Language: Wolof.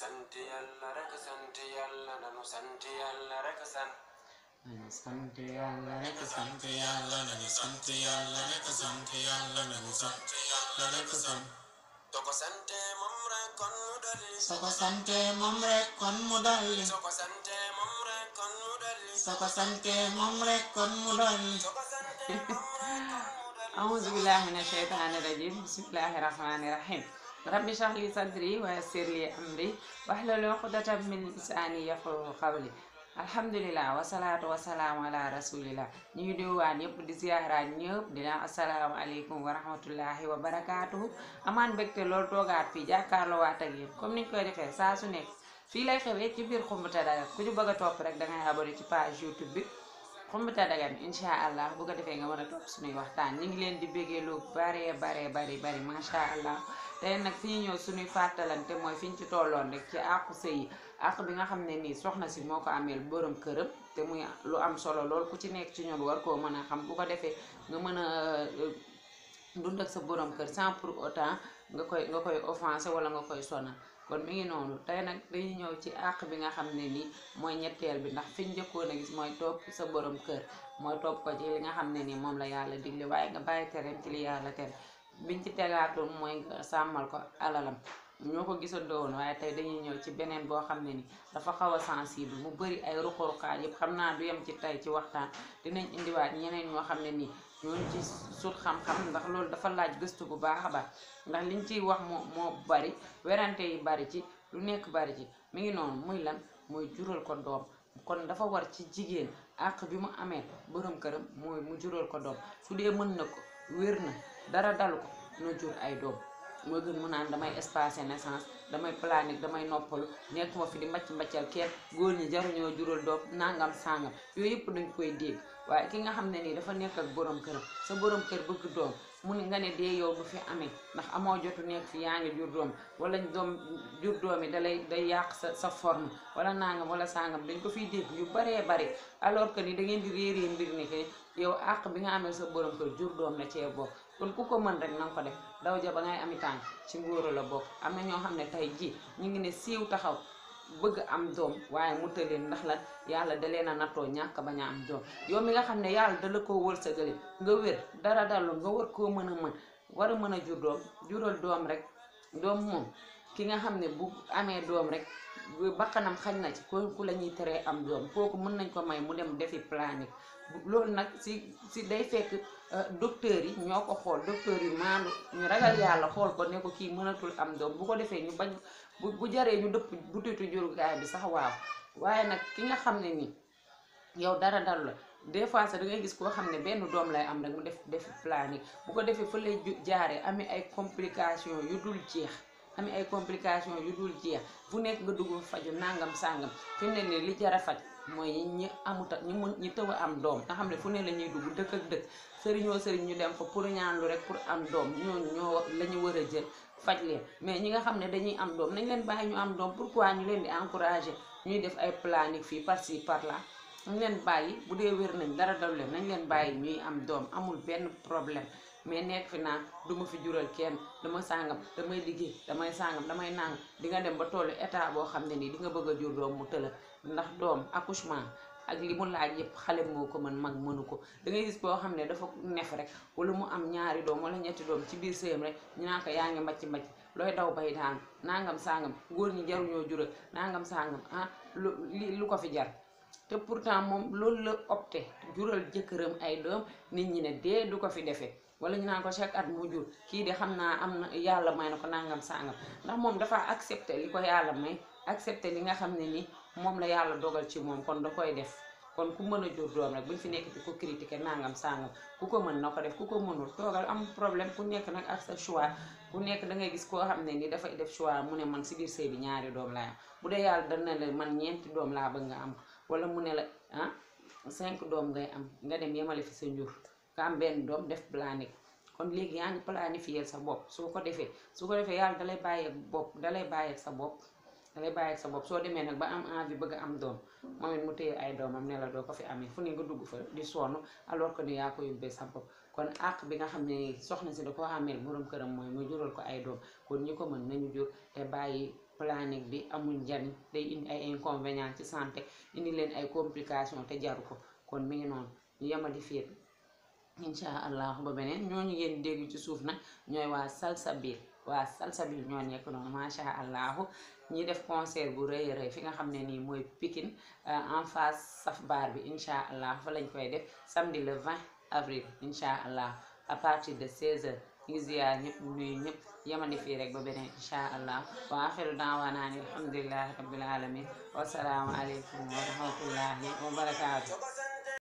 sant yàlla rek sant yàlla nanu sant yàlla rek sant nanu sant yàlla rek ko sante moom rek kon mu dolli ko sante moom rek kon mu dolli ko sante moom rek kon mu dolli soo ko sante moom rek rabbi shrah li sadri wa yassir li amri wahlul uqdatan min lisani yafqahu qawli alhamdulilah wasalaatu wasalaamu ala rasulillah ñu ngi diwaan yëpp di ziyaaraat ñëpp dina asalaamu aleykum wa rahmatullahi wa barakaatuhu amaan mbégte loolu toogaat fii jàkkaarloo waat ak yëpp comme niñ koy defee saa su nekk fii lay xewee ci biir Xumb te Dagal ku ñu bëgg a topp rek dangay abonné ci page YouTube bi xumbita dagan incha allah bu ko defee nga mën a topp suñuy waxtaan ñu ngi leen di béggee lu baree baree bari bari macha allah tey nag fi ñu ñëw suñuy fàttalante mooy fi ñu ci tolloon rek ci àqu sëy yi àq bi nga xam ne nii soxna si moo ko ameel borom këram te muy lu am solo lool ku ci nekk ci ñoom war koo mën a xam bu ko defee nga mën a eh, dund ak sa borom kër sans pour autant nga koy nga koy offensé wala nga koy sonal kon mi ngi noonu tey nag dañuy ñëw ci àq bi nga xam ne nii mooy ñetteel bi ndax fi ñu njëkkoon a gis mooy topp sa borom kër mooy topp ko ci li nga xam ne nii moom la yàlla digle waaye nga bàyyi tereem ci li yàlla tere biñ ci tegaatoon mooy nga sàmmal ko alalam ñoo ko gisandoo woon waaye tey dañuy ñëw ci beneen boo xam ne nii dafa xaw a sensible mu bëri ay ruqaruqaa yëpp xam naa du yem ci tey ci waxtaan dinañ indiwaat ñeneen ñoo xam ne nii ñooñu ci sut xam-xam ndax loolu dafa laaj gëstu bu baax a baax ndax liñ ciy wax moo moo bari werante yi bari ci lu nekk bari ci mi ngi noonu muy lan mooy jural ko doom kon dafa war ci jigéen àq bi mu amee borom këram mooy mu jural ko doom su dee mën na ko wér na dara dalu ko na jur ay doom moo gën mu naan damay espacé naissance damay planique damay noppalu nekk ma fi di mbacc mbaccal kenn góor ñi jaruñoo jural doom nangam sàngam yooyu yëpp dañ koy dégg waaye ki nga xam ne nii dafa nekk ak borom këram sa borom kër bëgg doom mu ne nga ne dee yow du fi amee ndax amoo jotu nekk fi yaa ngi jur doom wala doom jur doom yi dalay day yàq sa sa forme wala nangam wala sangam dañ ko fiy dégg yu baree bare alors que ni da ngeen di réeree mbir ni yow àq bi nga amee sa borom kër jur doom na cee bokk kon ku ko mën rek na ko def daw ja ba ngay ami tànk ci ngóora la bokk am na ñoo xam ne tey ji ñu ngi ne siiw taxaw bëgg am doom waaye mu tëleen ndax la yàlla da leen a nattoo ñàkk bañ a am doom yow mi nga xam ne yàlla da la koo wërsëgale nga wér dara dallu nga war koo mën a mën war a mën a jur doom jural doom rek doom moom ki nga xam ne bu amee doom rek bakkanam xañ na ci kooku la ñuy teree am doom kooku mën nañ koo may mu dem defi planique loolu nag si si day fekk euh, docteur yi ñoo ko xool docteur yi maandu ñu ragal yàlla xool ko ne ko kii mënatul am doom bu ko defee ñu bañ bu jaree ñu dëpp butitu jurukaay bi sax waaw waaye nag ki nga xam ne nii yow dara dal la des fois sax da ngay gis koo xam ne benn doom lay am rek mu def defi planique bu ko defee fa lay jaaree amee ay complication yu dul jeex. ami ay complication yu dul jeex fu nekk nga dugg faju nangam sàngam fi ne ni li jara faj mooy ñi amuta ñu mu ñi tëw am doom nga xam ne fu ne la ñuy dugg dëkk ak dëkk sëriñoo sëriñ ñu dem fa pour ñaanlu rek pour am doom ñooñu ñoo la ñu war a jël faj leen mais ñi nga xam ne dañuy am doom nañ leen bàyyi ñu am doom pourquoi ñu leen di encouragé ñuy def ay planning fii par ci par là ñu leen bàyyi bu dee wér nañ dara dalu leen nañ leen bàyyi ñuy am doom amul benn problème mais nekk fi naan du ma fi jural kenn dama sàngam damay liggéey damay sàngam damay nang di nga dem ba tollu état boo xam ne nii di nga bëgg a jur doom mu tëla ndax doom accouchement ak li mu laaj yëpp xale moo ko mën mag mënu ko da boo xam ne dafa nef rek wala mu am ñaari doom wala ñetti doom ci biir sëyam rek ñu yaa ngi mbacc mbacc looy daw bay daan nangam sangam góor ñi jaruñoo jural nangam sangam ah lu lu ko fi jar te pourtant moom loolu la opté jural jëkkëram ay doom nit ñi ne dee du ko fi defee wala ñu naan ko chaque at mu jur kii de xam naa am na yàlla may na ko nàngam sàngam ndax moom dafa accepter li ko yàlla may accepter li nga xam ne nii moom la yàlla dogal ci moom kon da koy def kon ku mën a jur doom rek buñ fi nekk di ko nangam sàngam ko mën na ko def ku ko mënul toogal am problème ku nekk nag ak sa choix ku nekk da ngay gis koo xam ne nii dafay def choix mu ne man si biir sëy bi ñaari doom laa am bu dee yàlla dana la man ñeenti doom laa bëgg nga am wala mu ne la ah cinq doom ngay am nga dem yemale fi sa njur nga am benn doom def planning kon léegi yaa ngi planifier sa bopp soo ko defee su ko defee yàlla dalay bàyyi ak bopp dalay bàyyi ak sa bopp dalay bàyyi ak sa bopp soo demee nag ba am envie bëgg a am doom moom it mu téye ay doomam ne la doo ko fi amee fu ne nga dugg fa di sonn alors que ni yaa ko yóbbee sa bopp kon àq bi nga xam ne soxna si da koo ameel borom këram mooy mu jural ko ay doom kon ñi ko mën nañu jur te bàyyi planning bi amul njariñ day indi ay inconvénients ci santé indi leen ay complications te jaru ko kon mi ngi noonu ñu yemadi fii incha allahu ba beneen ñooñu ngeen dégg ci suuf nag ñooy waa Salsabil waa Salsabil ñoo nekk noonu macha allahu ñi def concert bu rëy rëy fi nga xam ne nii mooy Pikine euh, en face saf baar bi incha allah fa lañ koy def samedi le 20 avril incha allah à de 16h ngi ñëpp nuyu fii rek ba beneen incha allah wa axiru daawaanaa ni alhamdulilahi rabbil alamin wasalaamu aleykum wa rahmatullahi